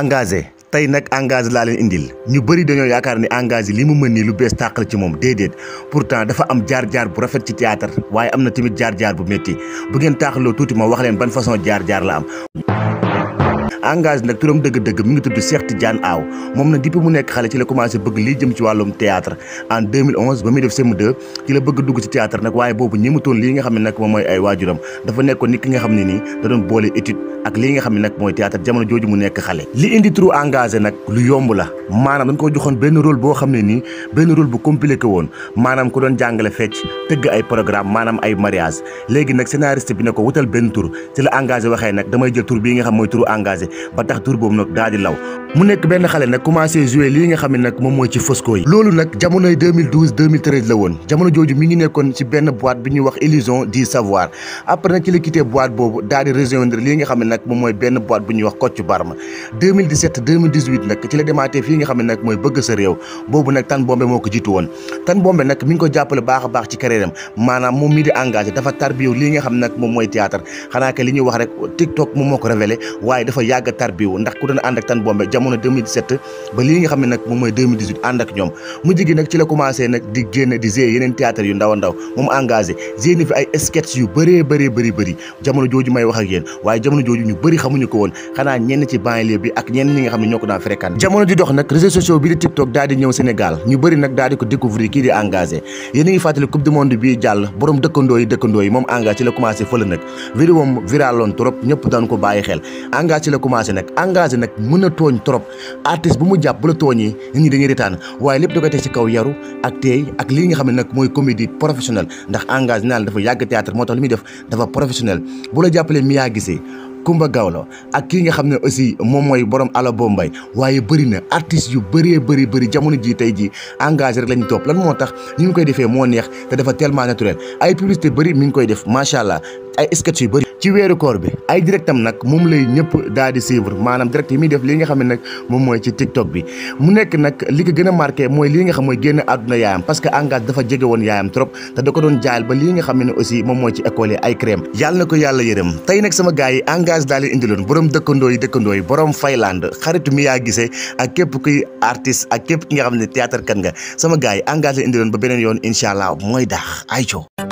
engagé tey nag engagé laa leen indil ñu bëri dañoo yaakaar ne engage li mu mën nii lu bees tàqal ci moom déedéet pourtant dafa am jaar-jaar bu rafet ci théâtre waaye am na tamit jaar-jaar bu métti bu ngeen taaxaloo tuuti ma wax leen ban façon jaar-jaar la am engagé nag turam dëgg-dëgg mu ngi tudd Cheikh Tidiane Aw moom nag depuis mu nekk xale ci bëgg lii jëm ci wàllum théâtre en 2011 ba muy def CM2 la bëgg dugg ci théâtre nag waaye boobu ñëmutoon lii nga xam ne nag moom mooy ay waajuram dafa nekkoon nit ki nga xam ne nii da doon boole étude ak lii ne nag mooy théâtre jamono jooju mu nekk xale li indi turu engagé yomb la maanaam dañ ko joxoon benn rôle boo xam ne nii benn rôle bu compliqué woon maanaam ku doon jàngale fecc tëgg ay programme maanaam ay mariage léegi nag scénariste bi ko wutal benn tur ci la engagé waxee nag damay jël tur bii nga xam mooy turu engagé ba tax tur boobu nag daal di law mu nekk benn xale nag commencé jouer lii nga xam ne nag moom mooy ci fosco yi loolu nag jamonoy 2012 2013 la woon jamono jooju mi ngi nekkoon ci benn boîte bi ñuy wax illusion du savoir après nag ci la quitté nga xam ne fii nga xam ne nag mooy bëgg sa réew boobu nag Tan Bombe moo ko jiitu woon Tan Bombe nag mi ngi ko jàppale baax a baax ci carrière am maanaam moom mii di engagé dafa tarbiw lii nga xam ne nag moom mooy théâtre xanaa que li ñuy wax moom moo ko révélé waaye dafa yàgg a tarbiw jamono 2017 ba lii nga xam ne nag moom mooy 2018 ànd ak ñoom mujj gi nag ci la commencé nag di génn di gérer yeneen théâtre yu ndaw a ndaw moom engagé gérer na fi ay sketch yu bëree bëree bëri bëri jamono jooju may wax ak yéen waaye jamono jooju ñu bëri xamuñu ko woon xanaa ñenn ci banlieue bi ak ñenn ñi nga xam ne ñoo ko daan fréquenté jamono di dox nag réseaux sociaux bi di TikTok daal di ñëw Sénégal ñu bëri nag daal di ko découvrir kii di engagé yéen a ngi fàttali coupe du monde bii jàll borom dëkkandoo yi dëkkandoo yi moom engagé ci la commencé fële nag vidéo viral loon trop ñëpp daan ko bàyyi xel engagé ci la commencé nag engagé nag mën a tooñ trop trop artiste bu mu jàpp bu la tooñee nit ñi dañuy retaan waaye lépp da koy teg ci kaw yaru ak teey ak lii nga xam ne nag mooy comédie professionnelle ndax engagé naa la dafa yàgg théâtre moo tax li muy def dafa professionnel bu la jàppalee Mia Guissé Kumba Gawlo ak kii nga xam ne aussi moom mooy borom ala waaye bëri na yu bëree bëri bëri jamono ji tey ji engagé rek lañu topp lan moo tax ñu ngi koy defee moo neex te dafa tellement naturel ay ci weeru koor bi ay directam nag moom lay ñëpp daal di suivre maanaam direct yi muy def li nga xam ne nag moom mooy ci TikTok bi mu nekk nag li ko gën a marqué mooy li nga xam mooy génn àdduna yaayam parce que Angad dafa jege woon yaayam trop te da ko doon jaayal ba li nga xam ne aussi moom mooy ci école yi ay crème yàlla na ko yàlla yërëm tey nag sama gars yi Angad daal di indiloon borom dëkkandoo yi dëkkandoo borom Fayland xaritu mi yaa gisee ak képp kuy artiste ak képp ki nga xam ne théâtre kan nga sama gars yi Angad la indiloon ba beneen yoon incha allah mooy daax ay coo